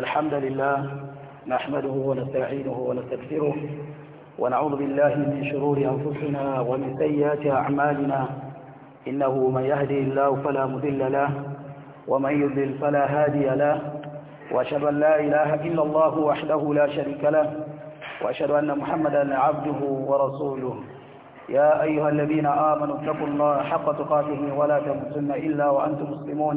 الحمد لله نحمده ونستعينه ونستغفره ونعوذ بالله من شرور أنفسنا ومن سيئات أعمالنا إنه من يهدي الله فلا مذل له ومن يذل فلا هادي له وأشهد أن لا إله إلا الله وحده لا شريك له وأشهد أن محمدا عبده ورسوله يا أيها الذين آمنوا اتقوا الله حق تقاته ولا تموتن إلا وأنتم مسلمون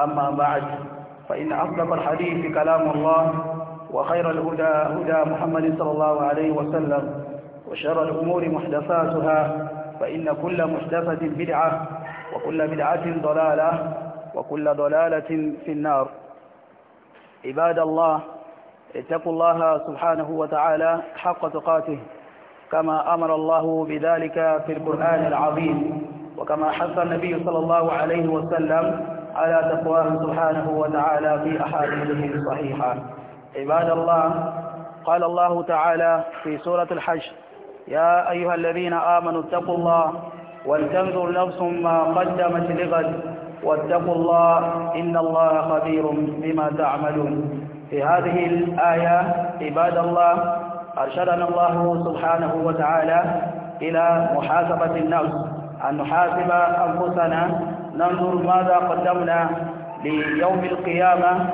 أما بعد فإن أصدق الحديث كلام الله وخير الهدى هدى محمد صلى الله عليه وسلم وشر الأمور محدثاتها فإن كل محدثة بدعة وكل بدعة ضلالة وكل ضلالة في النار عباد الله اتقوا الله سبحانه وتعالى حق تقاته كما أمر الله بذلك في القرآن العظيم وكما حث النبي صلى الله عليه وسلم على تقواه سبحانه وتعالى في أحاديثه الصحيحة عباد الله قال الله تعالى في سورة الحج يا أيها الذين آمنوا اتقوا الله ولتنظر نفس ما قدمت لغد واتقوا الله إن الله خبير بما تعملون في هذه الآية عباد الله أرشدنا الله سبحانه وتعالى إلى محاسبة النفس أن نحاسب أنفسنا ننظر ماذا قدمنا ليوم القيامة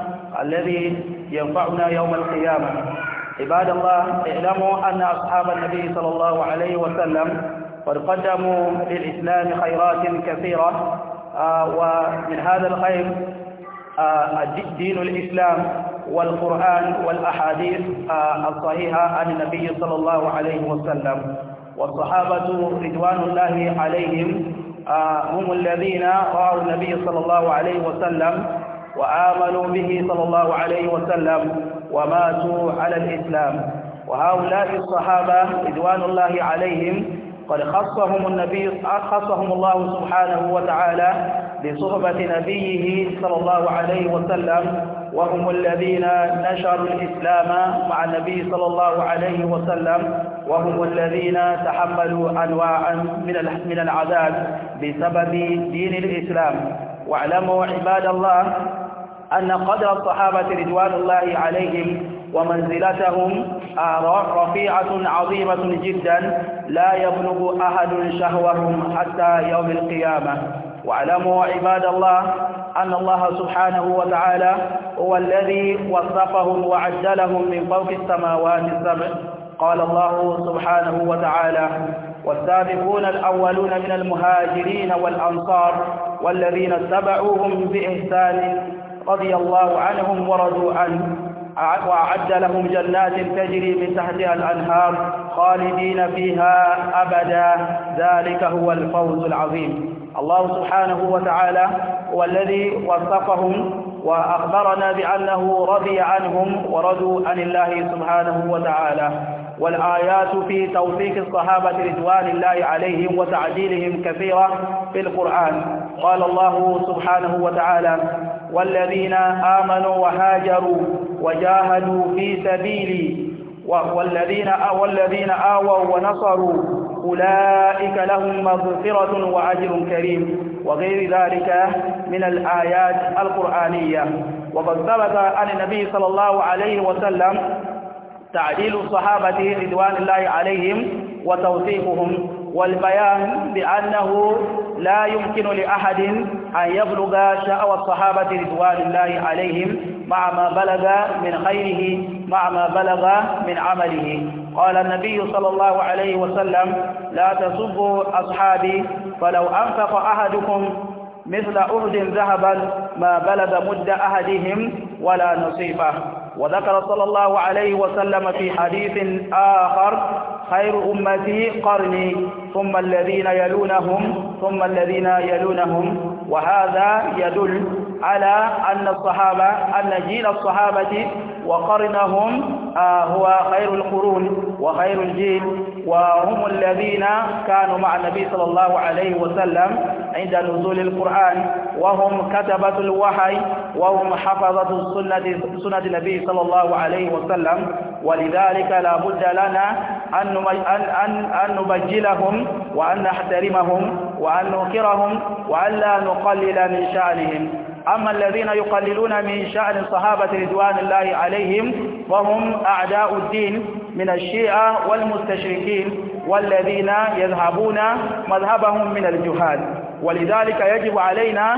الذي ينفعنا يوم القيامة عباد الله اعلموا أن أصحاب النبي صلى الله عليه وسلم قد قدموا للإسلام خيرات كثيرة آه، ومن هذا الخير آه، دين الإسلام والقرآن والأحاديث آه، الصحيحة عن النبي صلى الله عليه وسلم والصحابة رضوان الله عليهم آه، هم الذين رأوا النبي صلى الله عليه وسلم وآمنوا به صلى الله عليه وسلم وماتوا على الإسلام وهؤلاء الصحابة رضوان الله عليهم قد خصهم النبي خصهم الله سبحانه وتعالى بصحبة نبيه صلى الله عليه وسلم وهم الذين نشروا الإسلام مع النبي صلى الله عليه وسلم وهم الذين تحملوا أنواعا من من العذاب بسبب دين الإسلام واعلموا عباد الله أن قدر الصحابة رضوان الله عليهم ومنزلتهم رفيعة عظيمة جدا لا يبلغ أحد شهوهم حتى يوم القيامة واعلموا عباد الله أن الله سبحانه وتعالى هو الذي وصفهم وعجلهم من فوق السماوات السبع قال الله سبحانه وتعالى والسابقون الأولون من المهاجرين والأنصار والذين اتبعوهم بإحسان رضي الله عنهم ورضوا عنه وأعد لهم جنات تجري من تحتها الأنهار خالدين فيها أبدا ذلك هو الفوز العظيم الله سبحانه وتعالى هو الذي وصفهم وأخبرنا بأنه رضي عنهم ورضوا عن الله سبحانه وتعالى والآيات في توثيق الصحابة رضوان الله عليهم وتعديلهم كثيرة في القرآن قال الله سبحانه وتعالى والذين آمنوا وهاجروا وجاهدوا في سبيلي والذين والذين آووا ونصروا أولئك لهم مغفرة وعجل كريم وغير ذلك من الآيات القرآنية وقد ثبت عن النبي صلى الله عليه وسلم تعديل الصحابة رضوان الله عليهم وتوثيقهم والبيان بأنه لا يمكن لأحد أن يبلغ شأوى الصحابة رضوان الله عليهم مع ما بلغ من خيره مع ما بلغ من عمله قال النبي صلى الله عليه وسلم لا تسبوا أصحابي فلو أنفق أحدكم مثل أهد ذهبا ما بلغ مد أحدهم ولا نصيفه وذكر صلى الله عليه وسلم في حديث آخر خير أمتي قرني ثم الذين يلونهم ثم الذين يلونهم وهذا يدل على أن الصحابة أن جيل الصحابة وقرنهم آه، هو خير القرون وخير الجيل وهم الذين كانوا مع النبي صلى الله عليه وسلم عند نزول القرآن وهم كتبة الوحي وهم حفظة السنة سنة النبي صلى الله عليه وسلم ولذلك لا بد لنا أن, أن, أن نبجلهم وأن نحترمهم وأن نوقرهم وأن لا نقلل من شأنهم أما الذين يقللون من شأن الصحابة رضوان الله عليهم وهم أعداء الدين من الشيعة والمستشركين والذين يذهبون مذهبهم من الجهاد ولذلك يجب علينا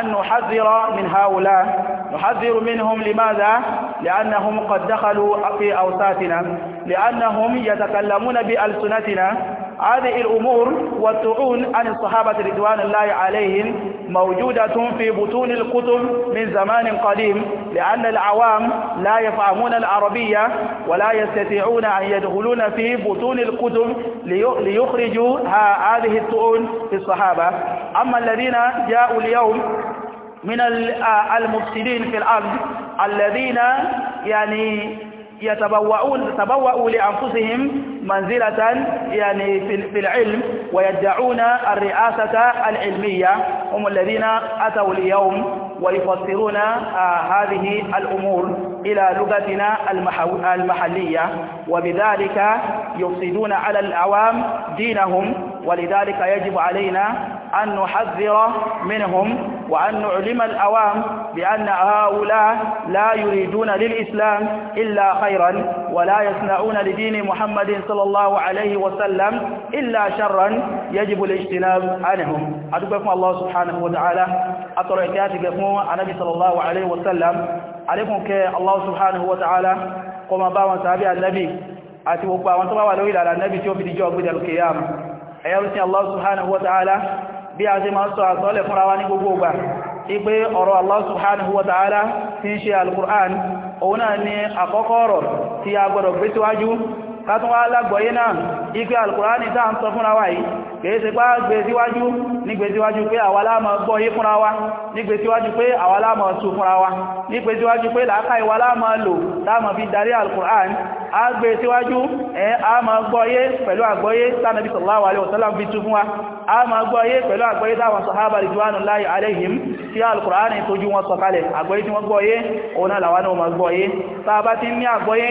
أن نحذر من هؤلاء نحذر منهم لماذا؟ لأنهم قد دخلوا في أوساطنا لأنهم يتكلمون بألسنتنا هذه الأمور والطعون عن الصحابة رضوان الله عليهم موجودة في بطون الكتب من زمان قديم لأن العوام لا يفهمون العربية ولا يستطيعون أن يدخلون في بطون الكتب ليخرجوا هذه الطعون في الصحابة أما الذين جاءوا اليوم من آه، المفسدين في الأرض الذين يعني يتبوؤون تبوؤوا لأنفسهم منزلة يعني في العلم ويدعون الرئاسة العلمية هم الذين أتوا اليوم ويفسرون آه، هذه الأمور إلى لغتنا المحلية وبذلك يفسدون على العوام دينهم ولذلك يجب علينا أن نحذر منهم وأن نعلم الأوام بأن هؤلاء لا يريدون للإسلام إلا خيرا ولا يصنعون لدين محمد صلى الله عليه وسلم إلا شرا يجب الاجتناب عنهم أدوكم الله سبحانه وتعالى أتركاتكم النبي صلى الله عليه وسلم عليكم كالله سبحانه وتعالى قم باوا سابع النبي àti gbogbo àwọn tó bá wà lórí ìlànà nẹ́bí tí ó fi dìjọ́ ọgbẹ̀dẹ̀ lókè yàmù ẹ̀yà rúsí Allah subhanahu wa ta'ala bí a ṣe máa sọ àsọ́lẹ̀ fúnra wa ní gbogbo ọgbà ipé ọ̀rọ̀ Allah subhanahu wa ta'ala tí ń ṣe al-Qur'an òun náà ipe alkùránì tá ń sọ fúnra wa yìí kìí ṣe pá gbèsíwájú ní gbèsíwájú pé àwa la máa gbọ́ yé fúnra wa ní gbèsíwájú pé àwa la máa tú fúnra wa ní gbèsíwájú pé làákàyè wa la máa lò la máa fi darí alkùránì a gbèsíwájú ẹ̀ a máa gbọ́ yé pẹ̀lú àgbọ́yé tánàbí sallallahu alaihi wasallam fi tú fún wa a máa gbọ́ yé pẹ̀lú àgbọ́yé táwọn sahaba ridwanullahi wọn sọ̀kalẹ̀ àgbọ́yé tí wọ́n gbọ́ òun náà náà máa gbọ́ yé bá ti ní àgbọ́yé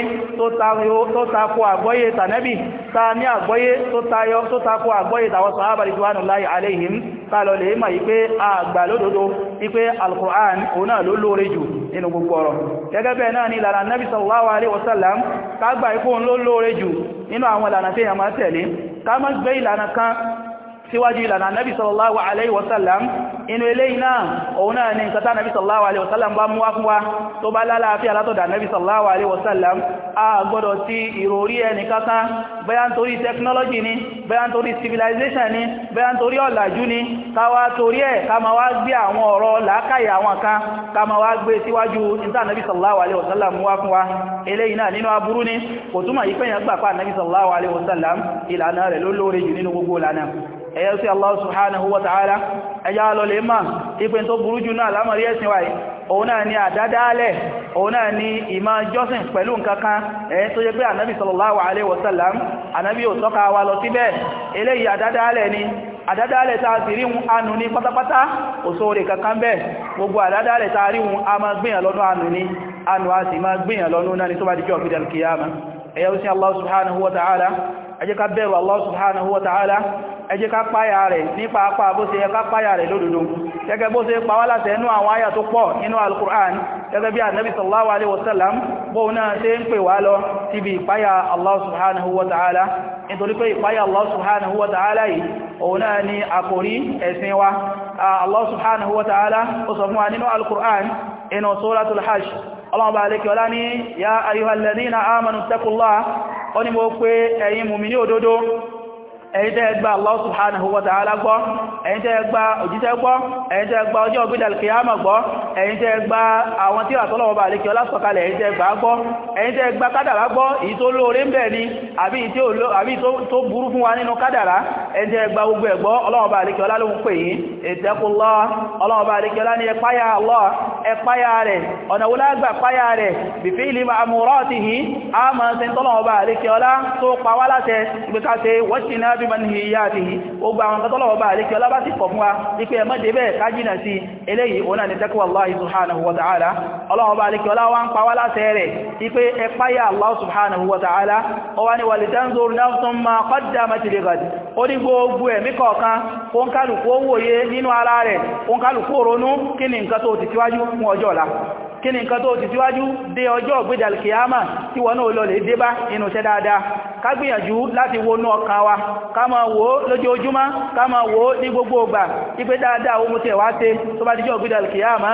tó takò àgbọ́yé tànẹ́bì tá ní àgbọ́yé tó tayọ tó takò àgbọ́yé tàwọn sàhábà ridwanullahi alaihim tààlọ lè máa yí pé àgbà lódodo wípé alkùrán òun náà ló lóore jù nínú gbogbo ọ̀rọ̀ gẹ́gẹ́ bẹ́ẹ̀ náà ni ìlànà nabi sallallahu inú eléyìí náà òun náà ni nǹkan tá nàbí sallallahu alaihi wasallam bá mú wá fún wa tó bá lálàáfíà látọ̀dà nàbí sallallahu alaihi wasallam a gbọ́dọ̀ ti ìròrí ẹni kankan bẹ́yà torí technology ni bẹ́yà ń torí civilization ni bẹ́yà ń torí ọ̀làjú ni káwà torí ẹ̀ ká ma wá gbé àwọn ọ̀rọ̀ làákàyè àwọn sallallahu alaihi wasallam mú wá fún wa eléyìí náà nínú aburú ni sallallahu alaihi wasallam ìlànà rẹ̀ ló lóore jù ẹ̀yẹ́ sí Allah subhanahu wa ta'ala ẹjá lọ lè máa ipin tó burú jù náà lámàrí ẹ̀sìn wáyé òun náà ni àdádálẹ̀ òun náà ni ìmá jọ́sìn pẹ̀lú nǹkankan ẹ̀yẹ́ tó jẹ́ pé ànábì sallallahu alaihi wasallam ànábì ò tọ́ka wa lọ síbẹ̀ eléyìí àdádálẹ̀ ni àdádálẹ̀ ta sì rí hun anù ní pátápátá òṣòrè kankan bẹ́ẹ̀ gbogbo àdádálẹ̀ ta rí sí Allah subhanahu wa ta'ala ẹ jẹ́ ká bẹ̀rù Allah subhanahu wa ta'ala ẹ jẹ́ ká páyà rẹ̀ nípa apá bó ṣe yẹ ká páyà rẹ̀ lódodo gẹ́gẹ́ bó ṣe pàwà láti ẹnu àwọn àyà tó pọ̀ nínú al-Qur'an gẹ́gẹ́ bí ànábì sallallahu alaihi wasallam bóun náà ṣe ń pè wá lọ síbi ìpáyà Allah subhanahu wa ta'ala nítorí pé ìpáyà Allah subhanahu wa ta'ala yìí òun náà ni ya ayyuhal ladina amanu taqullaha ó ní mo pé ẹ̀yin mùmínì òdodo ẹ̀yin tẹ́ gba Allah subhanahu wa ta'ala gbọ́ ẹ̀yin tẹ́ gba òjíṣẹ́ gbọ́ ẹ̀yin tẹ́ gba ọjọ́ ọgbẹ́dà kìyàmà gbọ́ ẹ̀yin tẹ́ àwọn tí àtọ́lọ́wọ́ bá lékẹ́ ọlásọ̀kalẹ̀ ẹ̀yin tẹ́ gbọ́ ẹ̀yin tẹ́ wa n'inu kadara! bí mọ́ni ìyá àti ogbà àwọn tọ́lọ̀wọ̀ bá àríkẹ́ ọlá bá sì pọ̀ fún wa wípé ẹmọ́ débẹ̀ kájínà sí eléyìí òun náà ni taqwa Allah subhanahu wa ta'ala ọlọ́wọ̀ bá àríkẹ́ ọlá wá ń pa wá láṣẹ rẹ̀ wípé ẹpáyà Allah subhanahu wa ta'ala ó wá ní wà lè kí ni nǹkan tó ti síwájú dé ọjọ́ ògbédà alkiyama tí wọ́n náà lọlẹ̀ dé bá inú ṣẹ́ dáadáa ká gbìyànjú láti wọnú ọkàn wa ká máa wò ó lójoojúmọ́ ká máa wò ó ní gbogbo ọgbà ipé dáadáa ohun tẹ̀ wá ṣe tó bá ti jẹ́ ògbédà alkiyama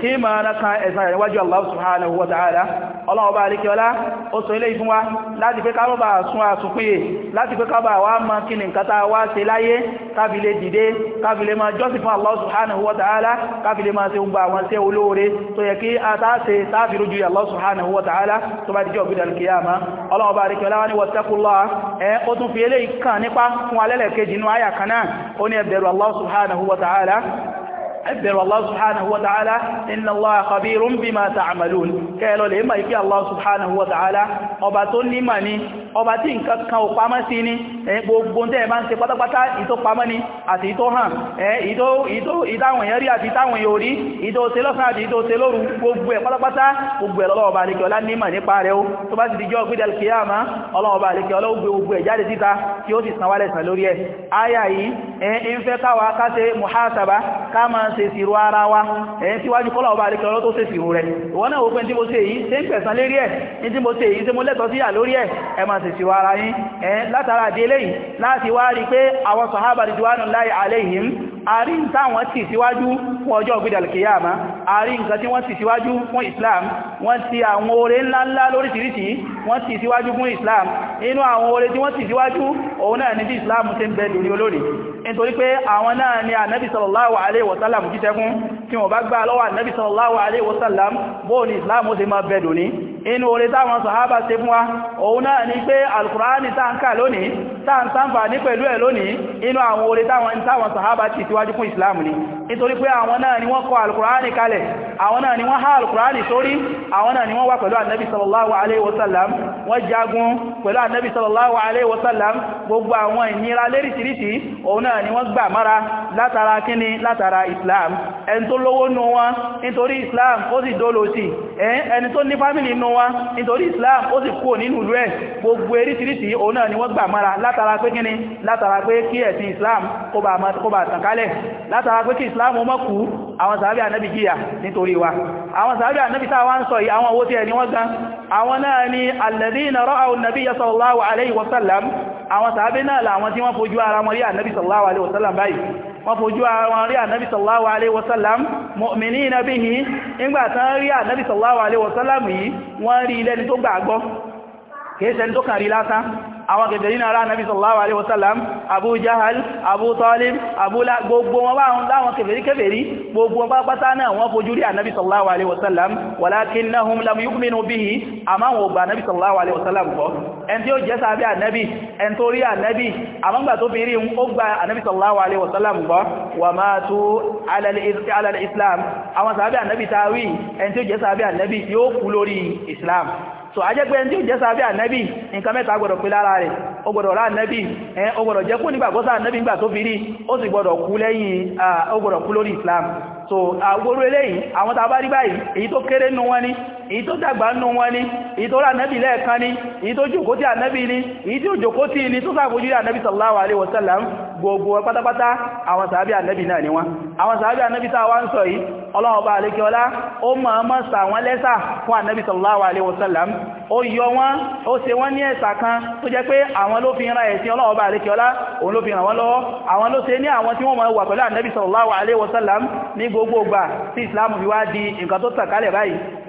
tí na kan ẹ̀san rẹ̀ níwájú Allah subhanahu wa ta'ala ọlọ́ọ̀bá alékiọlá ó sọ ilé ìfún wa láti pé káàbà sún àsùnpínyè láti pé káàbà wá mọ́ kí ni nǹkan táa wá ṣe láyé kábílé dìde kábílé máa jọ́sìn fún Allah subhanahu wa ta'ala kábílé máa ṣe gbogbo àwọn ṣe olóore tó yẹ kí a táṣe táàfi rójú Allah subhanahu wa ta'ala tó bá dijọ́ gbídà ẹbẹ̀rù Allah subhanahu wa ta'ala inna Allah khabirun bima ta'malun kẹ́ẹ̀lọ lè máa ikẹ́ Allah subhanahu wa ta'ala ọba tó nímà ní ọba tí nǹkan kan ò pamọ́ sí ní gbogbo tẹ́ bá ń ṣe pátápátá ìtó pamọ́ ní àti ìtó hàn ìdáwọn èèyàn rí àti ìtàwọn èèyàn rí ìtó ṣe lọ́sàn àti ìtó ṣe lóru gbogbo ẹ̀ pátápátá gbogbo ẹ̀ lọ́wọ́ ọba àlekẹ́ ṣe ìṣirò ara wa ẹ̀yìn síwájú kọ́lá ọba àríkẹ́ ọlọ́ tó ṣe ìṣirò rẹ̀ ìwọ náà wọ́pẹ́ tí mo ṣe èyí ṣe ń pẹ̀sán lérí ẹ̀ ní tí mo ṣe èyí ṣe mo lẹ́tọ̀ọ́ síyà lórí ẹ̀ ẹ máa ṣe ìṣirò ara yín látara délé yìí láti wá rí pé àwọn sàhábà àrí nǹkan wọ́n ti síwájú fún ọjọ́ ògbìdàlùkìyàmá àrí nǹkan tí wọ́n ti síwájú fún Islam wọ́n ti àwọn oore ńláńlá lóríṣiríṣi wọ́n ti síwájú fún Islam inú àwọn oore tí wọ́n ti síwájú òun náà ní bí Islam ti ń bẹ lórí olórí nítorí pé àwọn náà ni ànábì sallallahu alaihi wasallam jíṣẹ́ fún tí wọ́n bá gbà lọ́wọ́ ànábì sallallahu alaihi wasallam bóò ni Islam ó ṣe máa bẹ lónìí inú oore táwọn sàhábà ṣe fún wa òun náà ni pé alkùránì táǹkà lónìí tàǹtàǹfà ní pẹ̀lú ẹ̀ lónìí inú àwọn orí táwọn táwọn sàhábà ti tíwájú fún islam ni nítorí pé àwọn náà ni wọ́n kọ alkùránì kalẹ̀ àwọn náà ni wọ́n há alkùránì sórí àwọn náà ni wọ́n wà pẹ̀lú annabi sallallahu alaihi wasallam wọ́n jagun pẹ̀lú annabi sallallahu alaihi wasallam gbogbo àwọn ìnira léríṣiríṣi òun náà ni wọ́n gbà mára látara kíni látara islam ẹni tó lówó nù wọn nítorí islam ó sì dóòlò sí ẹni tó ní fámìlì nù wọn nítorí islam ó sì kúrò nínú ìlú ẹ̀ gbogbo eríṣiríṣi òun náà ni wọ́n gbà mára látara pé kíni látara pé kí ẹ̀sìn islam kó bá tànkálẹ̀ látara pé kí islam ó mọ́kú àwọn sàábí ànábì jíyà nítorí wa àwọn sàábí ànábì tá ń sọ àwọn owó tí ẹni wọ́n gan àwọn náà ni alladhina ra'aw an-nabiyya sallallahu alayhi wa sallam àwọn sàábí náà làwọn tí wọ́n fojú ara wọn rí ànábì sallallahu alaihi wasallam mu'minina bihi ìgbàtán rí ànábì sallallahu alaihi wasallam yìí wọ́n rí ilẹ́ni tó gbàgbọ́ kìí ṣẹni àwọn kèfèrí náà rá nàbí sallallahu alaihi wasallam abu jahal abu talib abu la gbogbo wọn bá wọn láwọn kèfèrí kèfèrí gbogbo wọn bá pátá náà wọ́n fojú rí ànàbí sallallahu alaihi wasallam walakinnahum lam yu'minu bihi àmá wọn gbà ànàbí sallallahu alaihi wasallam kọ́ ẹn tí ó jẹ́ sábẹ́ ànàbí ẹn tó rí ànàbí àmọ́gbà tó fi rí ó gba ànàbí sallallahu alaihi wasallam kọ́ wa matu so ajẹ́gbẹ́ ẹni tí ó jẹ́ sábẹ́ ànẹ́bì nǹkan mẹ́ta gbọ́dọ̀ pé lára rẹ̀ ó gbọ́dọ̀ rá ànẹ́bì ẹ ó gbọ́dọ̀ jẹ́ kú nígbàgbọ́sá ànẹ́bì nígbà tó fi rí ó sì gbọ́dọ̀ kú lẹ́yìn ó kú lórí Islam so agbóró eléyìí àwọn tàbá rí báyìí èyí tó kéré nù wọn ni èyí tó dàgbà nù wọn ni èyí tó rà nẹ́bì lẹ́ẹ̀kan ni èyí tó jòkó tí ànẹ́bì ni èyí tí ó jòkó tí ni tó sàfojú rí ànẹ́bì sallallahu alaihi wasallam gbogbo pátápátá àwọn sàábí ànẹ́bì náà ni wọ́n àwọn sàábí ànẹ́bì tàà wá ń sọ yìí ọlọ́ọ̀bá alékiọlá ó máa mọ́ sà wọ́n lẹ́sà fún ànẹ́bì sallallahu alaihi wasallam ó yọ wọ́n ó ṣe wọ́n ní ẹ̀sà kan tó jẹ́ pé àwọn ló fi ra ẹ̀sìn ọlọ́ọ̀bá alékiọlá òun ló fi ràn sallallahu alaihi wasallam ní gbogbo ìgbà tí ìsìlámù fi wá di nǹkan tó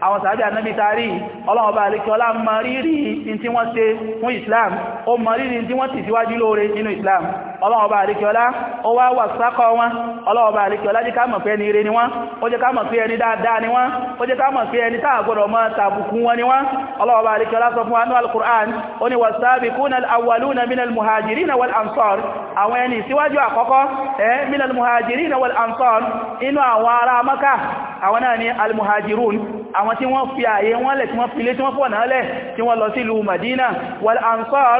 àwọn sàájá náà bí tarí ọlọ́ọ̀bá alékiọlá mọ rírì in tí wọ́n ṣe fún islam ó mọ rírì in tí wọ́n ti síwájú lóore nínú islam ọlọ́ọ̀bá alékiọlá ó wá wà sákọ̀ wọn ọlọ́ọ̀bá alékiọlá jẹ́ ká mọ̀ pé ẹni ire ni wọ́n ó jẹ́ ká mọ̀ pé ẹni dáadáa ni wọ́n ó jẹ́ ká mọ̀ pé ẹni táàgbọ̀dọ̀ mọ́ tàbùkù wọn ni wọ́n ọlọ́ọ̀bá alékiọlá sọ fún anú al-Qur'an ó ní was-sabiquna al-awwaluna minal muhajirina wal ansar àwọn ẹni síwájú àkọ́kọ́ ẹ́ minal muhajirina wal ansar inú àwọn ará Mákà àwọn náà ni al àwọn tí wọ́n fi ààyè wọn lẹ̀ tí wọ́n fi ilé tí wọ́n fọ̀nà lẹ̀ tí wọ́n lọ sí ìlú Madina wal ansar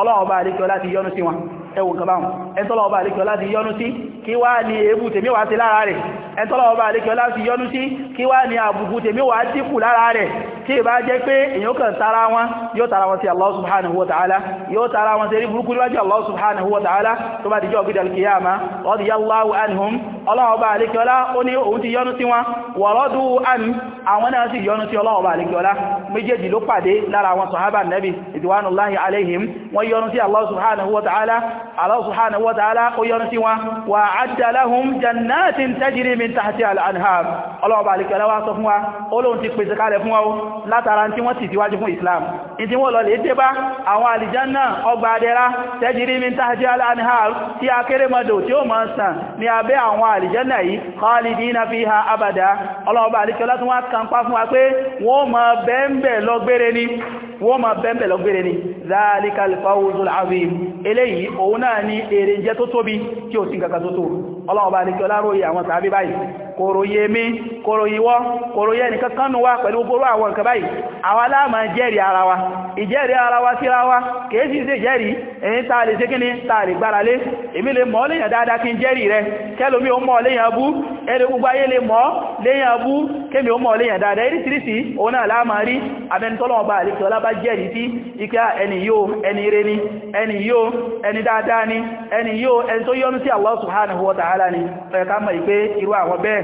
ọlọ́wọ́ bá àríkẹ́ láti yọ́nú sí wọn ẹwùn kan báhùn ẹntọ́lọ́wọ́ bá àríkẹ́ láti yọ́nú sí kí wá ní èébù tèmi wá sí lára rẹ̀ tí ìbá jẹ́ pé èyàn kàn tara wọn yóò tara wọn sí Allah subhanahu wa ta'ala yóò tara wọn sí burúkú níwájú Allah subhanahu wa ta'ala tó bá dijọ́ gbídà kìyàmá radiyallahu anhum ọlọ́ọ̀bá alékiọlá ó ní òun ti yọ́nú sí wọn wọ̀rọ́dú àmì àwọn náà sì yọ́nú sí ọlọ́ọ̀bá alékiọlá méjèèjì ló pàdé lára àwọn sọ̀hábà nẹ́bì ìdíwánúláhì aléhìm wọ́n yọ́nú sí Allah subhanahu wa ta'ala Allah subhanahu wa ta'ala ó yọ́nú sí wọn ti pèsè kalẹ̀ fún wa látara tí wọ́n sì tíwájú fún Islam in tí wọ́n lọ lè dé bá àwọn àlìjánà ọgbà adẹ́ra tẹ́jìrí mi tàjí aláàníhàr tí a kéré mọ́dọ̀ tí ó mọ́ sàn ní abẹ́ àwọn àlìjánà khalidina fiha abada ọlọ́ọ̀bà àlìkọlá tún wá kànpá wa pé wọ́n mọ́ bẹ́ẹ̀mbẹ̀ lọ́gbére ni wọ́n mọ́ bẹ́ẹ̀mbẹ̀ lọ́gbére ni zalikal fawzul azim eléyìí òun náà ni èrè jẹ́ tó tóbi tí ọlọ́ọ̀bà àlìkọlá kòrò yé mi kòrò yíwọ́ kòrò yé nìkan kánú wá pẹ̀lú gbogbo àwọn nǹkan báyìí àwọn aláàmà jẹ́rìí ara wa ìjẹ́rìí ara wa síra wa kìí sí ṣe jẹ́rìí èyí tààlì sí kíní tààlì gbára lé èmi lè mọ̀ léyàn dáadáa kí n jẹ́rìí rẹ kẹ́lómi ó mọ̀ léyàn bú ẹni gbogbo ayé lè mọ̀ léyàn bú kémi ó mọ̀ léyàn dáadáa eréṣiríṣi òun náà láàmà rí abẹnitọ́lọ́ọ̀bá àlekẹ́ ọlábá jẹ́rìí sí ikẹ́ ẹni yóò ẹni ire ni ẹni yóò ẹni dáadáa ni ẹni yóò ẹni tó yọ́nú sí Allah subhanahu wa ta'ala ni ọ̀yẹ̀ká mọ̀ ìpé irú àwọn bẹ́ẹ̀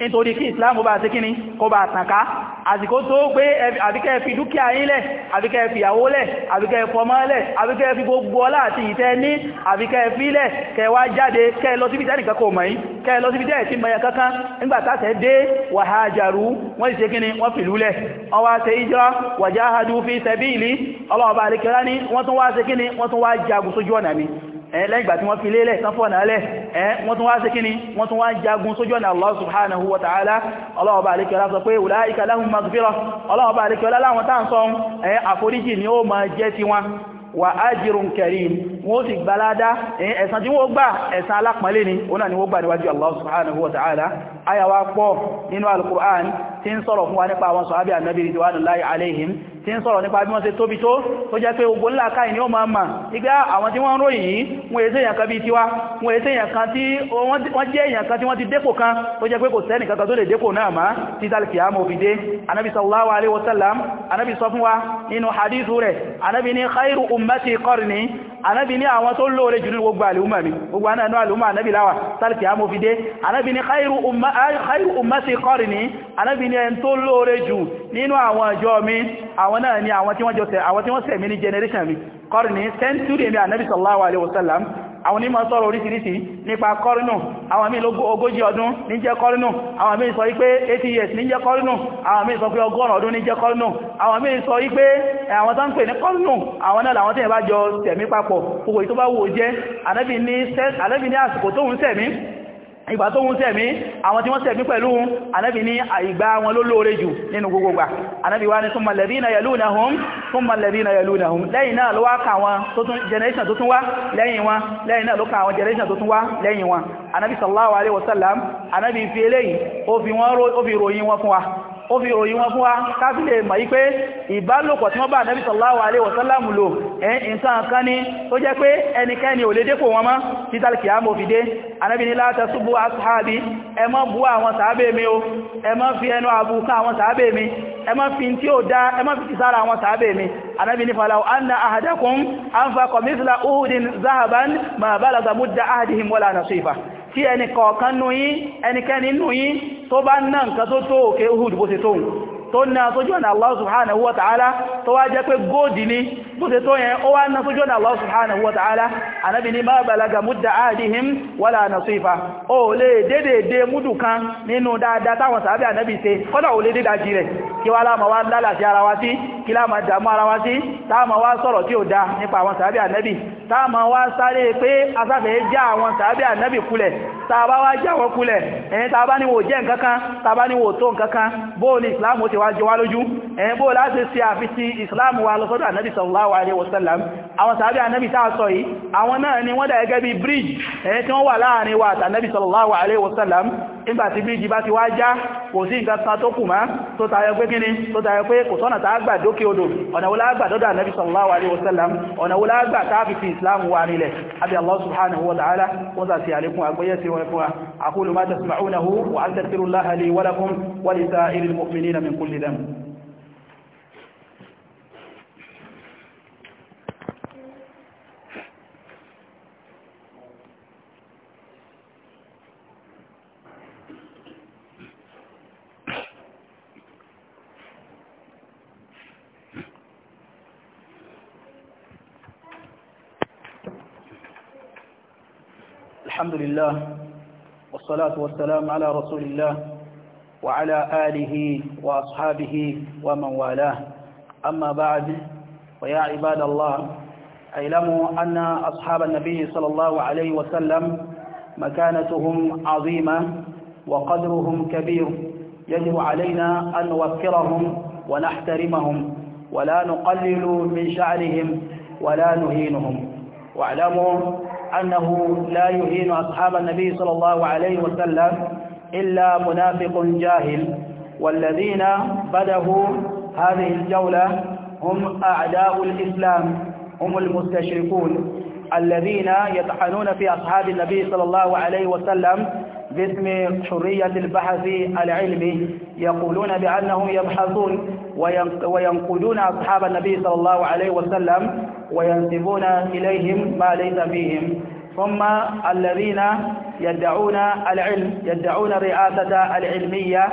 nítorí kí ìsìláàmù bá sí kíní kó bá tànká àsìkò tó pé àbíkẹ́ fi dúkìá yínlẹ̀ àbíkẹ́ fi ìyàwó lẹ̀ àbíkẹ́ fọmọ́lẹ̀ àbíkẹ́ fi gbogbo ọlá àti ìtẹ́ ní àbíkẹ́ fílẹ̀ kẹwàá jáde kẹ lọ síbi tẹ́nìkan kò mọ̀ kẹ lọ síbi tẹ́ẹ̀ tí mọ̀yẹ kankan nígbàtàṣẹ́ dé wàhájàrú wọ́n ṣe kíni wọ́n fìlúlẹ̀ Eh, lẹ́yìn ìgbà tí wọ́n fi lélẹ̀ tán fọ́nà alẹ́ eh, wọ́n tún wá sí kíni wọ́n tún wá jagun sójú ọ̀nà Allah subhanahu wa ta'ala Allah bá alékẹ́ ọlá sọ pé ulaika lahum maghfirah Allah bá alékẹ́ ọlá láwọn tán sọ eh, àforíjì ni ó máa jẹ́ ti wọn wà ájírun karim wọ́n sì gbalada ẹ̀san tí wọ́n gbà ẹ̀san alápọ̀lé ni ó náà ni tí ń sọ̀rọ̀ nípa bí wọ́n ṣe tóbi tó tó jẹ́ pé ogun ńlá káì ní ó máa mà nígbà àwọn tí wọ́n ròyìn yìí wọ́n èsẹ́ èèyàn kan bí tiwa wọ́n èsẹ́ èèyàn kan tí wọ́n jẹ́ èèyàn kan tí wọ́n ti dépò kan tó jẹ́ pé kò sẹ́nì kankan tó lè dépò náà má tí tàlìkì àmọ́ òfin dé anábi sallallahu alaihi wasallam anábi sọ fún wa nínú hadithu rẹ̀ anábi ní khairu ummati qarni anábi ní àwọn tó lóore àwọn náà ni àwọn tí wọ́n jọsẹ̀ àwọn tí wọ́n ṣẹ̀mí ní generation mi kọrìní century èmì ànábì sallallahu alaihi wasallam àwọn onímọ̀ sọ̀rọ̀ oríṣiríṣi nípa kọrìnù àwọn míì lógún ogójì ọdún ní jẹ́ kọrìnù àwọn míì sọ wípé 80 years ní jẹ́ kọrìnù àwọn míì sọ pé ọgọ́rùn ọdún ní jẹ́ kọrìnù àwọn míì sọ wípé àwọn tó ń pè ní kọrìnù àwọn náà làwọn tẹ́yẹ̀ bá jọ ṣẹ̀mí papọ̀ gbogbo ìtó bá wò jẹ́ ànábì ní àsìkò tóun ṣẹ̀mí ìgbà tó ń sẹ̀mí àwọn tí wọ́n sẹ̀mí pẹ̀lú anábì ní àìgbà wọn ló lóore jù nínú gbogbo gbà anábì wá ní súnmọ̀ lẹ́bí na yẹ̀lú náà hùn súnmọ̀ lẹ́bí na yẹ̀lú náà hùn lẹ́yìn náà ló wá kà wọn generation tó tún wá lẹ́yìn wọn lẹ́yìn náà generation tó tún wá lẹ́yìn wọn anábì sallallahu alaihi wasallam anábì fi eléyìí ó fi ó fi ròyìn wọn fún wa káfí lè mọ̀ wípé ìbálòpọ̀ tí wọ́n bá nẹ́bí sallallahu alaihi wasallam lò ẹ̀yìn nǹkan kan ní tó jẹ́ pé ẹnikẹ́ni ò lè dépò wọn mọ́ títàl kìámò fi dé ashabi ẹ má bú àwọn sàábé mi o ẹ má fi ẹnu àbùkún àwọn sàábé anábi ní falau anna ahadakum anfaqa mithla uhudin zahaban ma balagha mudda ahadihim wala nasifa tí ẹni kọ̀ọ̀kan nú yín ẹnikẹ́ni nú yín tó bá ná nǹkan tó tó òkè uhud bó ṣe tóun tó ná sójú ọ̀nà Allah subhanahu wa ta'ala tó wá jẹ́ pé góòdì ní bóse tó yẹn ó wá ná sójú ọ̀nà Allah subhanahu wa ta'ala anábi ní máa balaga múdà áàdìhìm wala nasifa ó lè dédédé múdù kan nínú dáadáa táwọn sàábì anábi ṣe kọ́dà ó lè dédá jí rẹ̀ kí wá láàmà wá lálàsí ara wa sí kí láàmà dàmú ara wa sí táàmà wá sọ̀rọ̀ tí ó dá wá jẹ wá lójú ẹ̀yìn bó láti ṣe àfisí ìsìláàmù wa lọ́sọ́dọ̀ ànábì sallallahu alaihi wasallam àwọn sàábí ànábì tá a sọ yìí àwọn náà ni wọ́n dà gẹ́gẹ́ bí bridge ẹ̀yìn tí wọ́n wà láàrin wa àtànábì sallallahu alaihi wasallam nígbà tí bíríjì bá ti wá já kò sí nǹkan kan tó kù má tó tayọ pé kíni tó tayọ pé kò sọ́nà tá gbà dókè odò ọ̀nà wọlá gbà dọ́dọ̀ ànábì sallallahu alaihi كل دم الحمد لله والصلاة والسلام على رسول الله وعلى آله وأصحابه ومن والاه أما بعد ويا عباد الله اعلموا أن أصحاب النبي صلى الله عليه وسلم مكانتهم عظيمة وقدرهم كبير يجب علينا أن نوفرهم ونحترمهم ولا نقلل من شعرهم ولا نهينهم واعلموا أنه لا يهين أصحاب النبي صلى الله عليه وسلم إلا منافق جاهل والذين بدأوا هذه الجولة هم أعداء الإسلام هم المستشركون الذين يطعنون في أصحاب النبي صلى الله عليه وسلم باسم حرية البحث العلمي يقولون بأنهم يبحثون وينقدون أصحاب النبي صلى الله عليه وسلم وينسبون إليهم ما ليس فيهم ثم الذين يدعون العلم يدعون الرئاسة العلمية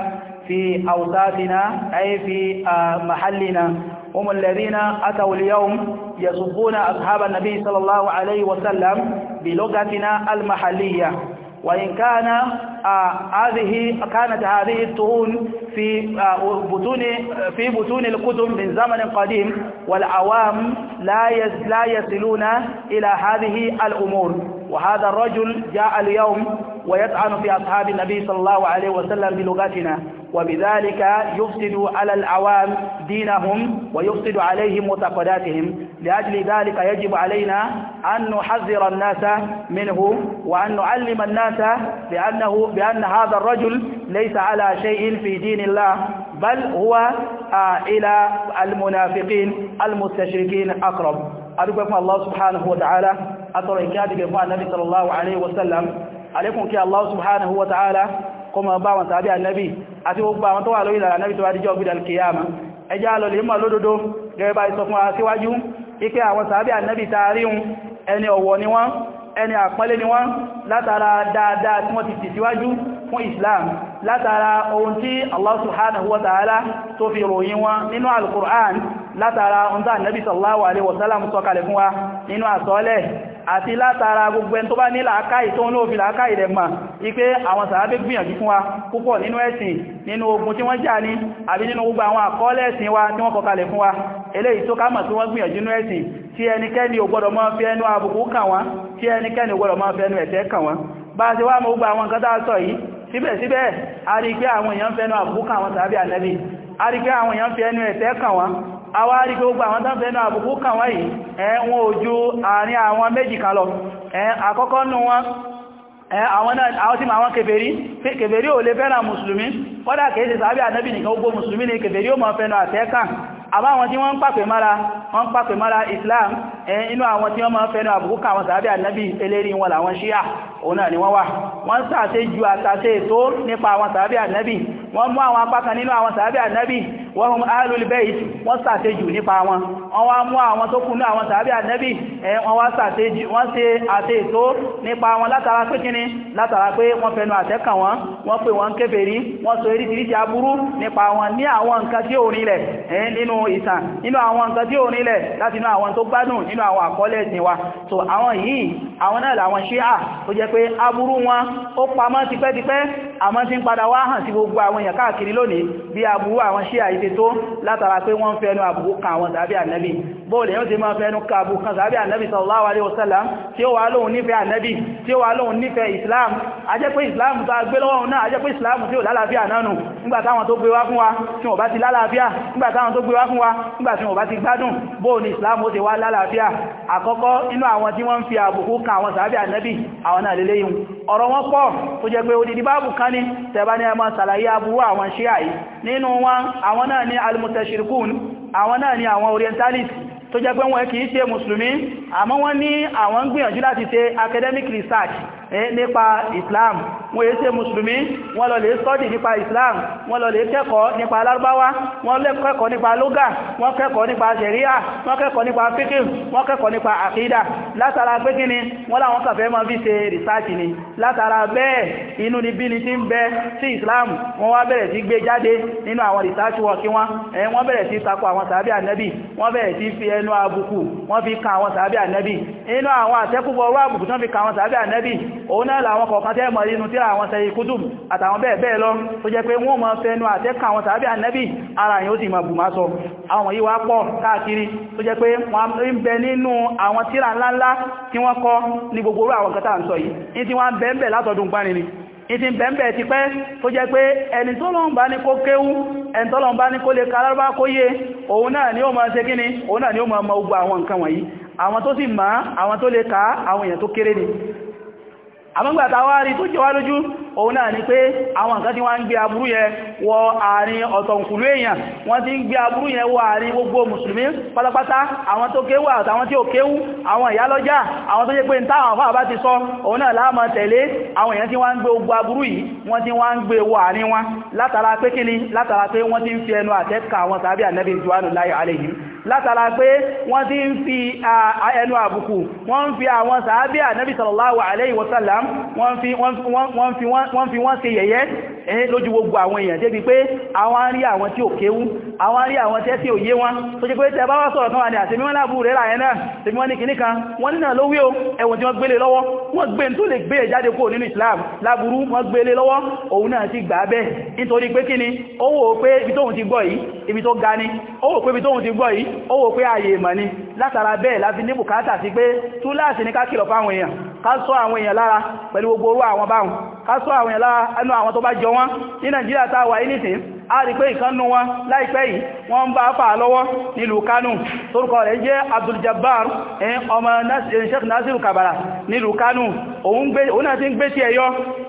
في أوساطنا أي في آه، محلنا هم الذين أتوا اليوم يسبون أصحاب النبي صلى الله عليه وسلم بلغتنا المحلية وإن كان آه، هذه كانت هذه الطعون في آه، بطون في بطون الكتب من زمن قديم والعوام لا لا يصلون إلى هذه الأمور وهذا الرجل جاء اليوم ويطعن في أصحاب النبي صلى الله عليه وسلم بلغتنا وبذلك يفسد على العوام دينهم ويفسد عليهم معتقداتهم لأجل ذلك يجب علينا أن نحذر الناس منه وأن نعلم الناس بأنه بأن هذا الرجل ليس على شيء في دين الله بل هو آه، إلى المنافقين المستشركين أقرب أدوكم الله سبحانه وتعالى أترى إكادك النبي صلى الله عليه وسلم عليكم كي الله سبحانه وتعالى قم أبا وتابع النبي àti gbogbo àwọn tó wà lórí ìlànà Ànábì tó wá díjọ́ ọgbìdà kìyàmà ẹjá lọ lè mọ̀ lódodo gẹ́gẹ́ bá ìsọ fún aṣíwájú ike àwọn sàábì Ànábì taríhun ẹni ọ̀wọ̀ ni wọ́n ẹni àpọ́nlé ni wọ́n látara dáadáa tí wọ́n ti tì fún islam látara ohun tí allah subhanahu wa ta'ala tó fi ròyìn wọn nínú al-qur'an látara ohun tí annabi sallallahu alaihi wasallam sọ kalẹ̀ fún wa nínú àsọ́lẹ̀ àti látara gbogbo ẹn tó bá ní làákàí tó ń ló fi làákàí rẹ̀ mọ̀ ipé àwọn sàábé gbìyànjú fún wa púpọ̀ nínú ẹ̀sìn nínú ogun tí wọ́n jà ní àbí nínú gbogbo àwọn àkọọ́lẹ̀ ẹ̀sìn wa tí wọ́n kọkalẹ̀ fún wa eléyìí tó ká mọ̀ tí wọ́n gbìyànjú nínú ẹ̀sìn tí ẹnikẹ́ni ò gbọ́dọ̀ máa fi ẹnu àbùkù kàn wọ́n síbẹ̀síbẹ̀ a rí pé àwọn èèyàn fẹ́nu àbúkà àwọn tàbí ànẹ́bì a rí pé àwọn èèyàn fẹ́nu ẹ̀tẹ́ kàn wọ́n a wá rí pé gbogbo àwọn tán fẹ́nu àbúkú kàn yìí ẹ̀wọ̀n ojú àárín àwọn méjì kan lọ àkọ́kọ́ wọn àwọn tí ma wọn kèfèrí kèfèrí ò lè fẹ́ràn mùsùlùmí kọ́dà kèése sàábí ànẹ́bì nìkan gbogbo mùsùlùmí ni ó àtẹ́kàn àbá àwọn tí wọ́n ń pàpè mára wọ́n ń pàpè mára Islam inú àwọn tí wọ́n máa ń fẹ́nu àbùkù àwọn sàábẹ̀ ànábì eléri wọn làwọn ṣíà òun náà ni wọ́n wà wọ́n sàṣe ju àtàṣe ètò nípa àwọn sàábẹ̀ ànábì wọ́n mú àwọn apákan nínú àwọn sàábẹ̀ ànábì wọ́n mú ahlul bayt wọ́n sàtẹ́jù nípa wọn wọ́n wá mú àwọn tó kúnnú àwọn sàábẹ̀ ànábì wọ́n wá sàtẹ́jù wọ́n ṣe àtẹ́ ètò nípa wọn látara pé kíni látara pé wọ́n fẹnu àtẹ́kàn wọn wọ́n pè wọ́n kèfèrí wọ́n sọ eríṣiríṣi aburú nípa wọn ní àwọn nǹkan tí ò rinlẹ̀ nínú ìtàn nínú àwọn nǹkan tí ò rinlẹ̀ láti inú àwọn tó gbádùn nínú wa so àwọn yìí àwọn náà làwọn ṣíà tó jẹ́ pé aburú wọn ó pamọ́ tipẹ́tipẹ́ àmọ́ ti ń padà wá hàn sí gbogbo èèyàn káàkiri lónìí bí aburú àwọn ṣíà ìfẹ́ tó látara pé wọ́n fẹ́nu àbúkú kan àwọn tàbí ànẹ́bì bóòlè yóò ti máa fẹ́nu ka àbúkú kan tàbí ànẹ́bì sallallahu alaihi wasallam tí ó wà lóhun nífẹ̀ẹ́ ànẹ́bì tí Islam ajẹ́pẹ́ Islam tó agbé lọ́wọ́ Islam tí ó lálàáfíà nánu nígbà táwọn tó gbé wá fún wa tí wọ́n bá ti lálàáfíà nígbà Islam ó ti wá lálàáfíà àkọ́kọ́ inú àwọn tí wọ́n ń fi àbùkù kan àwọn sàábì ànẹ́bì àwọn náà lélẹ́yìn ọ̀rọ̀ abu irú àwọn ṣíà yìí nínú wọn àwọn náà ni almutashirikun àwọn náà ni àwọn orientalist tó jẹ́ pé wọn kìí ṣe mùsùlùmí àmọ́ wọ́n ní àwọn gbìyànjú láti ṣe academic research nípa islam wọ́n yé ṣe musulmi wọ́n lọ lè sọ́dì nípa islam wọ́n lọ lè kẹ́kọ̀ọ́ nípa alárúbáwá wọ́n lè kẹ́kọ̀ọ́ nípa lógà wọ́n kẹ́kọ̀ọ́ nípa sẹ̀ríà wọ́n kẹ́kọ̀ọ́ nípa fíkì wọ́n kẹ́kọ̀ọ́ nípa àkídà látara pé kí ni wọ́n láwọn kàfẹ́ mọ́ fi ṣe rìsáàkì ni látara bẹ́ẹ̀ inú ni bí ni ti ń bẹ sí islam wọ́n wá bẹ̀rẹ̀ sí gbé jáde nínú àwọn rìsáàkì wọ̀kí wọn ẹ̀yìn wọ́n bẹ̀rẹ̀ sí takò àwọn sàábì ànẹ́bì wọ́n bẹ̀rẹ̀ sí fi ẹnu àbùkù wọ́n fi kan àwọn sàábì ànẹ́bì inú àwọn àtẹ́kùbọ̀ orú àbùkù tán fi kan àwọn sàábì ànẹ́bì òun náà làwọn kọ̀ọ̀kan tẹ́ mọ̀ nínú tíra àwọn sẹ́yí kútùm àtàwọn bẹ́ẹ̀ bẹ́ẹ̀ lọ tó jẹ́ pé wọ́n mọ̀ fẹ́nu àtẹ́kà àwọn tàbí ànẹ́bì ara yìí ó sì mọ̀ bùmá sọ àwọn yìí wá pọ̀ káàkiri tó jẹ́ pé wọ́n ń bẹ nínú àwọn tíra ńláńlá tí wọ́n kọ ní gbogbo orú ni ìtì bẹ̀m̀bẹ̀ ti pẹ́ tó jẹ́ pé ẹni tọ́lọ̀n ní kó kéwú ẹni tọ́lọ̀n ní kó lè kalárúbá kó yé òun náà ni ó máa ṣe kíni òun náà ni ó máa ma gbogbo àwọn nǹkan wọ̀nyí àwọn tó sì máa àwọn tó lè ká àwọn èèyàn tó kéré ni àmọ́gbàtà wá rí tó jẹ wá lójú òun náà ni pé àwọn nǹkan tí wọ́n ń gbé aburú yẹn wọ àárín ọ̀tọ̀nkùlú èèyàn wọ́n ti ń gbé aburú yẹn wọ àárín gbogbo mùsùlùmí pátápátá àwọn tó kéwú àtàwọn tí ó kéwú àwọn ìyálọ́jà àwọn tó jẹ́ pé táwọn àfáà bá ti sọ òun náà látara pé wọ́n ti ń fi ẹnu àbùkù wọ́n ń fi àwọn sàábí ànábì sallallahu alaihi wasallam wọ́n fi wọ́n ṣe yẹ̀yẹ́ ẹ̀yìn lójú gbogbo àwọn èèyàn débi pé àwọn arí àwọn tí ò kéwú àwọn arí àwọn tẹ́ tí ò yé wọn tó jẹ́ pé tẹ́ bá wá sọ̀rọ̀ kan wà ní àti mímọ́lá bú rẹ̀ ráyẹ náà tí wọ́n ní kìníkan wọ́n nínà lówí o ẹ̀wọ̀n tí wọ́n gbélé lọ́wọ́ wọ́n gbé tó lè gbé ìjáde kúrò nínú Islam láburú wọ́n gbélé lọ́wọ́ òun náà ti gbà bẹ́ẹ̀ nítorí pé kíni ó wò pé ibi tóun ti gbọ́ yìí ibi tó ga ni ó wò pé ibi tóun ti gbọ́ yìí ó wò pé ààyè ìmọ̀ ni látara bẹ́ẹ̀ láti ní bùkátà sí pé túláàsì ní ká kìlọ̀ fáwọn èèyàn ká sọ àwọn èèyàn lára pẹ̀lú gbogbo orú àwọn báwọn ká sọ àwọn èèyàn lára ẹnu àwọn tó bá jọ wọn ní Nàìjíríà tá a wà a rí pé ìkánnú wọn láìpẹ́ yìí wọ́n ń bá fà lọ́wọ́ nílùú Kánò torúkọ rẹ̀ jẹ́ Abdul Jabbar ọmọ Sheikh Nasiru Kabara nílùú Kánò òun náà ti ń gbé tí ẹyọ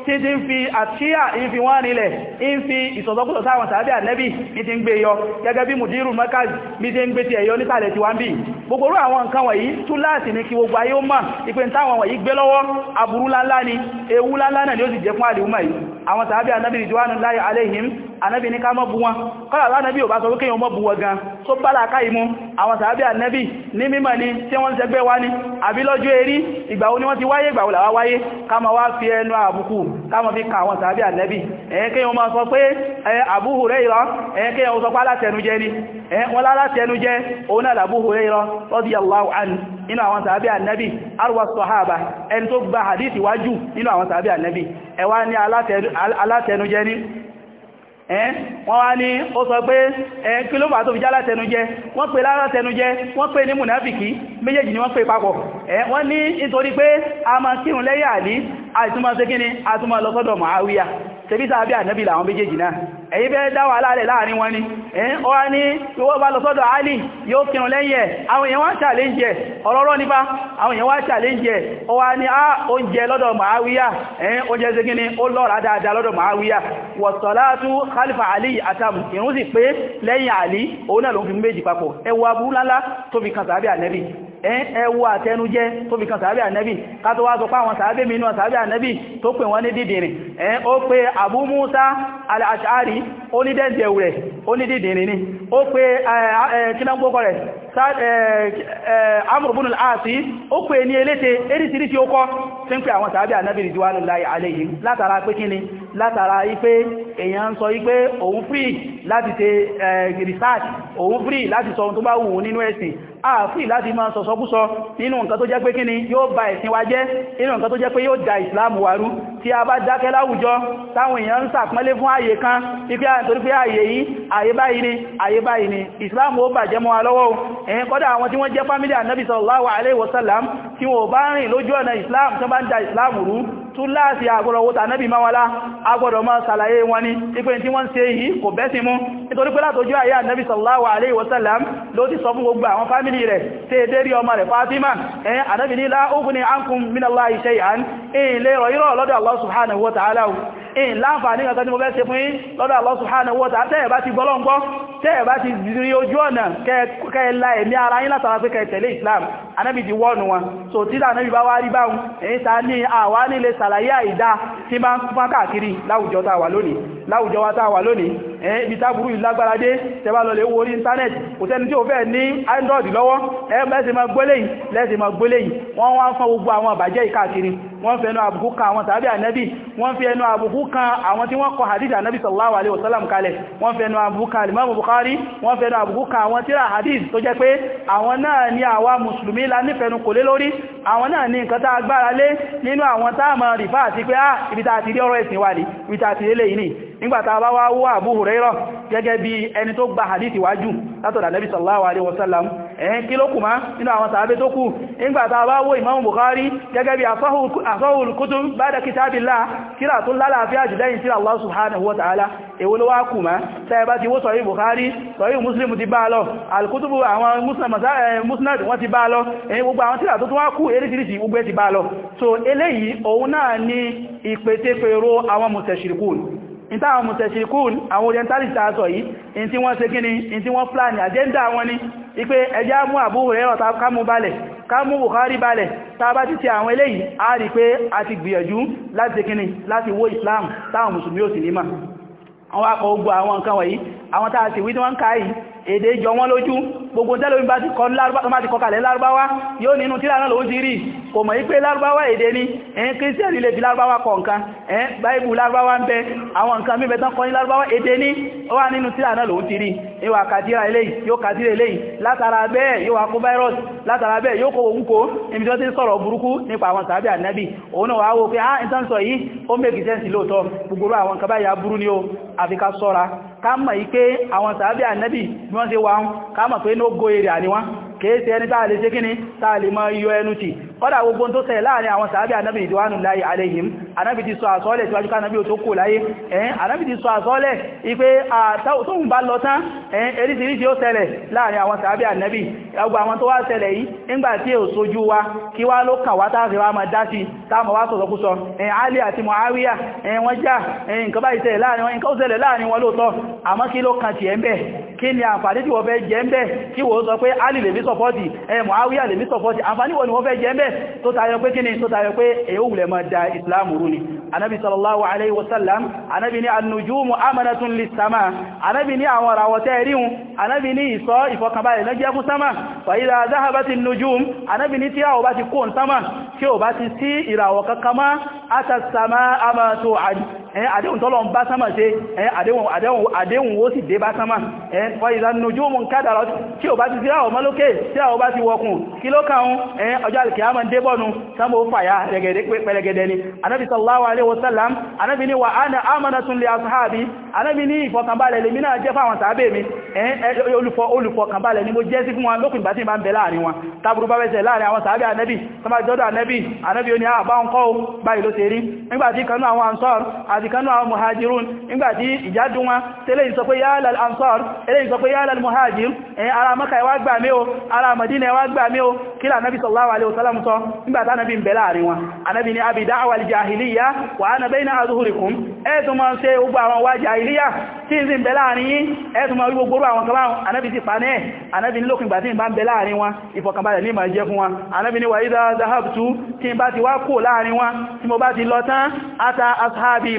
tí ti ń fi àtíyà ń fi wọ́n nílẹ̀ ń fi ìsọ̀sọ́kùsọ̀ sáwọn sàábí ànẹ́bì ní ti ń gbé yọ gẹ́gẹ́ bí mùdírù Markaz mi ti ń gbé tí ẹyọ nítàlẹ̀ tí wá ń bí gbogbo orú àwọn nǹkan wọ̀nyí túláàsì ní kí gbogbo ayé ànábì ní ká má bú wọn kọ́lá lánàbí ò bá sọ wíkẹ́ yọ má bú wọn gan tó bá làákà ìmú àwọn sàábí ànábì ní mímọ̀ ni tí wọ́n ń ṣẹgbẹ́ wá ní àbí lọ́jọ́ erí ìgbàwo ni wọ́n ti wáyé ìgbàwo làwá wáyé ká má wá fi ẹnu àbùkù ká má fi ka àwọn sàábí ànábì ẹ̀ẹ́kẹ́ yọ má sọ pé Abu Hurairah ẹ̀ẹ́kẹ́ yọ sọ pé alátẹnujẹ ni wọ́n lálátẹnujẹ òun náà Abu Hurairah radiyallahu anhu nínú àwọn sàábí ànábì arwa sọ̀háàbà ẹni tó gba hadith wájú nínú àwọn sàábí ànábì ẹwà ní alátẹnujẹ ni ẹ́n wọ́n wá ní ó sọ pé ẹ̀n kí ló fà tó fi já látẹnujẹ wọ́n pè látẹnujẹ wọ́n pè ní mùnáfìkì ni wọ́n pè papọ̀ wọ́n ní nítorí pé a ma lẹ́yà àìtúmọ̀ sí kíni àtúmọ̀ lọ́sọ́dọ̀ ẹ̀yí bẹ́ dá wà láàrẹ̀ láàrin wọn ni ẹ̀yìn ó wá ní ìwọ́ bá lọ sọ́dọ̀ Àlì yóò kírun lẹ́yìn ẹ̀ àwọn èèyàn wá challenge ẹ̀ ọ̀rọ̀rọ̀ nípa àwọn èèyàn wá challenge ẹ̀ ó wá ní á ah, oúnjẹ lọ́dọ̀ Muawiya ẹ̀yìn khalifa ẹwọ àtẹnujẹ́ tó fi kan sàábí ànẹ́bì kátó wá sọ páwọn sàábí mìíràn sàábí ànẹ́bì tó pè wọ́n ní dìdìrìn ẹ́ ó pe Abu Musa al-Ash'ari ni ó pe Eh, eh, Amr ibn al-As ó pè ní eléte eríṣìírí tí ó kọ́ tí ń pè àwọn tàbí ànábì ridwanullahi alayhim látara pé kíni látara ipé èèyàn ń sọ ipé òun free láti ṣe eh, research òun free láti sọ ohun tó bá wù nínú ẹ̀sìn ààfí láti máa sọ̀sọ́kúsọ nínú nǹkan tó jẹ́ pé kíni yóò ba ẹ̀sìn wa jẹ́ nínú nǹkan tó jẹ́ pé yóò da ìsìláàmù wa rú tí a bá dákẹ́ láwùjọ táwọn èèyàn ń sàpọ́nlé fún ààyè kan nítorí pé yìí ààyè báyìí ni ààyè ó bàjẹ́ mọ́ wa lọ́wọ́ ẹ̀yìn eh, kọ́dá àwọn tí wọ́n jẹ́ fámílì ànábì sallallahu alaihi wasallam tí wọ́n bá rìn lójú ọ̀nà islam tó bá ń da islam rú tún láti àgbọ̀rọ̀ owó tànábì máa wọlá agbọ̀rọ̀ máa sàlàyé wọn ni ipé tí wọ́n ṣe yìí kò bẹ́sìn mú nítorí pé látojú ayé ànábì sallallahu alaihi wasallam ló ti sọ fún gbogbo àwọn fámílì rẹ̀ tí èdè rí ọmọ rẹ̀ Fatima ẹ̀yìn eh, ànábì ní la ughni ankum minallahi shay'an ìlérọ̀ ìrọ̀ lọ́dọ̀ Allah subhanahu wa ta'ala in eh, láǹfààní ọ̀tọ́ ni mo fẹ́ ṣe fún yín lọ́dọ̀ Allah subhanahu wa ta'ala tẹ́ẹ̀ bá ti gbọ́lọ́ gbọ́ tẹ́ẹ̀ bá ti rí ojú ọ̀nà kẹ́ẹ̀lá ẹ̀mí ara yín látara pé kẹ́ẹ̀tẹ̀lé Islam anábì ti wọ́nu wọn so tí anábì bá wá rí báhun èyí ta ní àwá nílé sàlàyé àìdá tí bá ń fún káàkiri láwùjọ tá wà lónìí láwùjọ wa tá wà lónìí ẹ̀yìn android lọ́wọ́ ẹ̀ lẹ́sìn máa gbélé yìí lẹ́sìn máa gbélé yìí wọ́n wá ń wọ́n fẹ́ ẹnu àbùkù kan àwọn tàbí ànẹ́bì wọ́n fẹ́ ẹnu àbùkù kan àwọn tí wọ́n kọ hadith ànẹ́bì sallallahu alaihi wasallam kalẹ̀ wọ́n fẹ́ ẹnu àbùkù kan Imam Bukhari wọ́n fẹ́ ẹnu àbùkù kan àwọn tíra hadith tó jẹ́ pé àwọn náà ni àwa mùsùlùmí la kò lé lórí àwọn náà ni nǹkan tá agbára lé nínú àwọn táàmà rìfáà sí pé ah ibi tá àti rí ọ̀rọ̀ nígbàtà bá wá wó Abu Hurairah gẹ́gẹ́ bí ẹni tó gba hadith wájú látọ̀dà Nabi sallallahu alaihi wasallam ẹ̀yìn kí ló kù máa nínú àwọn sàábé tó kù nígbàtà bá wó Imam Bukhari gẹ́gẹ́ bí asahul kutub ba'da kitabillah kíra tó lálàáfíà Allah subhanahu wa ta'ala èwo ló wá bá Bukhari sọ̀rí Muslim ti bá lọ alkutubu àwọn Musnad wọ́n ti bá lọ ẹ̀yìn gbogbo àwọn tíra tó tún wá so eléyìí òun náà ni ìpètèpèrò àwọn mùtẹ̀ṣìrìkún ìta àwọn mùsẹ̀ṣìkún àwọn orientalist àṣọ yìí in tí wọ́n ṣe kíni in tí wọ́n plan agenda wọn ni ipé ẹjá mú àbúhù rẹ̀ ọ̀ta kámú balẹ̀ kámú Bukhari balẹ̀ tàbá ti ti àwọn eléyìí a rí pé a ti gbìyànjú láti kíni láti wó Islam táwọn mùsùlùmí ò sì ní mà àwọn akọ̀ ogun àwọn nǹkan èdè jọ wọ́n lójú gbogbo tẹ́lómi bá ti kọkàlẹ̀ lárúbáwá yóò nínú tíra náà lòun ti rí kò mọ̀ ipé lárúbáwá èdè ni ẹ̀yìn kírísíẹ̀nì lè fi lárúbáwá kọ nǹkan ẹ̀yìn báìbù lárúbáwá ń bẹ àwọn nǹkan mímẹ̀ tán kọ ní lárúbáwá èdè ni ó wà nínú tíra náà lòun ti rí ìwà kàtíra eléyìí yóò kàtíra eléyìí látara bẹ́ẹ̀ yóò wá kó fáírọ́ọ̀sì látara bẹ́ẹ̀ yóò kó òun kó níbi tí wọ́n ti sọ̀rọ̀ burúkú nípa àwọn sàábì ànábì òun náà wá wò pé ah ìtàn sọ yìí ó mẹ́kì sẹ́ǹsì lóòótọ́ gbogbo àwọn nǹkan báyìí aburú ni ó àfi sọ́ra ká mọ̀ yìí àwọn sàábì ànábì wọ́n ṣe wà ń ká mọ̀ pé ní ó go èrè àníwá kèése ẹni táà lè ṣe kíní táà lè mọ́ iyọ ẹnu tì kọ́dà gbogbo tó ṣẹlẹ̀ láàrin àwọn sàábí anábì ìdíwánù láyé aléhìm anábì ti sọ àsọ́ọ́lẹ̀ tíwájú ká anábì ò tó kò láyé ẹ̀yìn anábì ti sọ àsọ́ọ́lẹ̀ ipé àtọ́hùn bá lọ tán ẹ̀yìn eríṣiríṣi ó ṣẹlẹ̀ láàrin àwọn sàábí anábì ọgbà tí è wa kí wá ló kàn wá táàrí wá máa dásí táàmù wá sọ̀rọ̀ kú sọ ẹ̀yìn alì àti Muawiya ẹ̀yìn wọ́n já ẹ̀yìn nǹkan báyìí ṣẹlẹ̀ láàrin wọn nǹkan ṣẹlẹ̀ láàrin wọn lóòótọ́ àmọ́ kí ló kàn tiẹ̀ ń bẹ̀ kí ni àǹfààní tí wọ́n fẹ́ jẹ́ ń bẹ́ẹ̀ tó tayọ pé kíni tó tayọ pé èyí wùlẹ̀ mọ́ da islam rú ni anábi sallallahu alaihi wasallam anábi ni annujumu amanatun lissama anábi ni àwọn rawọ̀tẹ́ ríhun anábi ni ìsọ ìfọkànbalẹ̀ lọ́jẹ́ fún sama fàíra zahabati nujum anábi ni tí a ò bá ti kó n sama tí ò bá ti sí ìràwọ̀ kankan mọ́ ẹ̀yẹn eh, àdéhùn tọ́lọ ń bá sánmà ṣe ẹ̀yẹn eh, àdéhùn ó sì dé bá sánmà ẹ̀yẹn wọ́n ìlànà ojú mú kádàrọ̀ tí ó bá ti síra ọmọ lókè tí àwọn bá ti wọkùn kí ló kàún ẹ̀yẹn eh, ọjọ́ alìkìyàmọ̀ ń débọ̀nu sánmà ó fàyà pẹ̀lẹ̀gẹ̀dẹ̀ ni anábi sallallahu alaihi wasallam anábi ni wa ana amanatun li ashabi anábi ni ìfọkànbalẹ̀ lèmi náà jẹ́ fáwọn sàábẹ̀ mi olùfọkànbalẹ̀ ni mo jẹ́ sí fún wọn lókùn ìgbà tí ma ń bẹ láàrin wọn tábùrú bá bẹ́sẹ̀ láàrin àwọn sàábẹ̀ anábi sọmọ ìjọ́dọ̀ anábi anábi ó ní àbáwọn ah, kọ́ báyìí ló ṣe rí nígbàtí kanú àwọn ansọ́r àti àti kanú àwọn muhajirun nígbàtí ìjádùn wọn tẹ́lẹ̀ ìsọ pé yá lal ansar ẹlẹ́ ìsọ pé yá lal muhajir ẹ̀yìn eh, ara maka ẹwà gbà mí o ara madina ẹwà gbà mí o kí là nábi sallallahu alaihi wasallam sọ nígbàtí anábi ń bẹ̀lá àrin wọn anábi ni abi da'awal jahiliya wa ana bayna azhurikum ẹ̀tùn mọ́ ṣe gbogbo àwọn wá jahiliya tí ń bẹ̀lá àrin yí ẹ̀tùn mọ́ gbogbo àwọn kan báwọn anábi ti pa náà anábi ata ashabi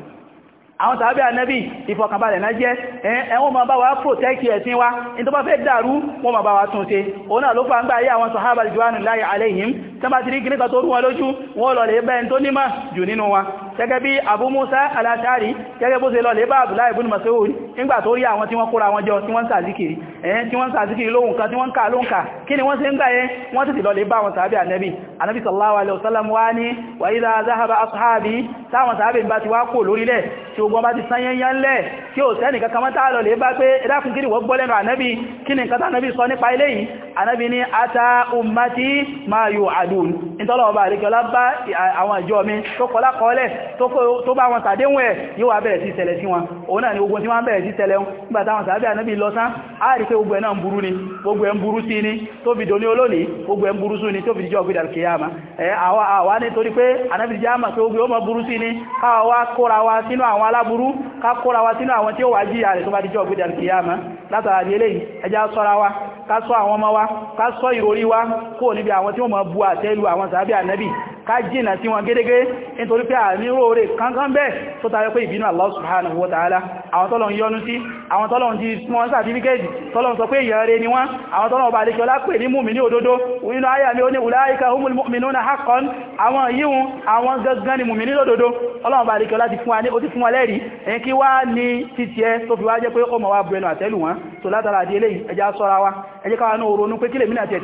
àwọn tàbí ànẹ́bì ìfọkànbalẹ̀ náà jẹ́ ẹ̀wọ́n ma bá wa protect ẹ̀sìn wa in tó bá fẹ́ dàrú wọ́n ma bá wa tún ṣe òun náà ló fa ń gbá ayé àwọn sahaba ridwanullahi alaihim tẹ́bàtí rí gíníkà tó rú wọn lójú wọ́n lọ lè bẹ́ẹ̀ tó nímà jù nínú wa gẹ́gẹ́ bí Abu Musa al-Ash'ari gẹ́gẹ́ bó ṣe lọ lè bá Abdullahi ibn Mas'ud nígbà tó rí àwọn tí wọ́n kóra wọn jọ tí wọ́n sàzíkiri ẹ̀yẹn tí wọ́n sàzíkiri lóhun kan tí wọ́n kà lóhun kà kí ni wọ́n ṣe ń gbà wọ́n tètè lọ lè bá wọn sàábì ànẹ́bì ànẹ́bì sallallahu alaihi wasallam wá wa idha zahaba ashabi táwọn sàábì bá ti wá kò lórílẹ̀ tí ogun bá ti sán yẹnyẹn lẹ̀ tí ó sẹ́nì kankan mọ́ táà lọ lè bá ni ata ummati ma yu'adun ìtọ́lọ̀ ọba àríkẹ́ ọlá bá àwọn ìjọ mi tó kọlá kọlẹ̀ tó bá wọn sàdéhùn ẹ̀ yóò wá bẹ̀rẹ̀ sí ṣẹlẹ̀ sí wọn òun náà ni ogun tí wọ́n bẹ̀rẹ̀ sí ṣẹlẹ̀ nígbà táwọn sàábẹ̀ ànábì lọ́sán a pé gbogbo ẹ̀ náà ń burú ni gbogbo ẹ̀ ń burú sí ni tó fi dòní olónìí gbogbo ẹ̀ ń burú sí ni tó fi díjọ́ gbé dàlùkì yàmá ẹ̀ àwa àwa nítorí pé ànábì jàmà pé gbogbo ọmọ burú sí ni káwa kóra wa sínú àwọn aláburú ká kóra wa sínú àwọn tí ó wà jíyà rẹ̀ tó bá díjọ́ gbé dàlùkì yàmá látara di eléyìí ẹjá sọ́ra wa ká sọ àwọn ọmọ róore kankan bẹ́ẹ̀ tó tàbí pé ìbínú Allah subhanahu wa ta'ala àwọn tọ́lọ̀n yọ́nú sí àwọn tọ́lọ̀n di small certificate tọ́lọ̀n sọ pé èèyàn rẹ̀ ni wọ́n àwọn tọ́lọ̀n ọba àdíkẹ́ ọlápẹ̀ ní múmi ní òdodo nínú ayà mi ó ní ulaika humul mu'minuna haqqan àwọn yíhun àwọn gangan ni múmi ní lódodo ọlọ́run ọba àdíkẹ́ ọlá ti fún wa lẹ́rìí ẹni kí wá ní títí ẹ tó fi wá jẹ́ pé ó mọ̀ wá bu ẹnu àtẹ́lù wọn tó látara àdí eléyìí ẹjá sọ́ra wa ẹjẹ́ káwa náà ronú pé kílèmínà ti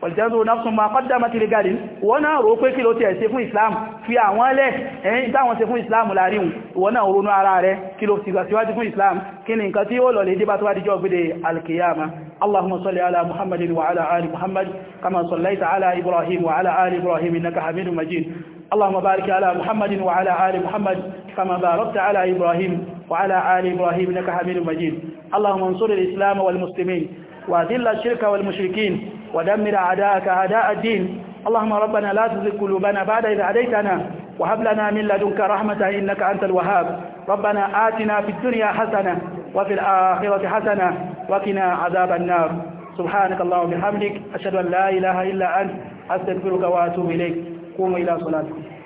pọ̀lìtẹ́rù náfsùn ma kọ́dá mati regarding wọ́n náà rò pé kí ló ti ẹ̀ ṣe fún islam fi àwọn ẹlẹ́ ẹ̀yìn táwọn ṣe fún islam láàrin wọ́n náà ronú ara rẹ̀ kí ló ti gbàsíwájú fún islam kí ni nǹkan tí ó lọ lè dé bá tó wá díjọ́ gbé alkiyama اللهم صل على محمد وعلى آل محمد كما صليت على إبراهيم وعلى آل إبراهيم إنك حميد مجيد اللهم بارك على محمد وعلى آل محمد كما باركت على إبراهيم وعلى آل إبراهيم إنك حميد مجيد اللهم انصر الإسلام والمسلمين وأذل الشرك والمشركين ودمر أعداءك أعداء الدين اللهم ربنا لا تزغ قلوبنا بعد إذ هديتنا وهب لنا من لدنك رحمة إنك أنت الوهاب ربنا آتنا في الدنيا حسنة وفي الآخرة حسنة وقنا عذاب النار سبحانك اللهم وبحمدك أشهد أن لا إله إلا أنت أستغفرك وأتوب إليك قوموا إلى صلاتكم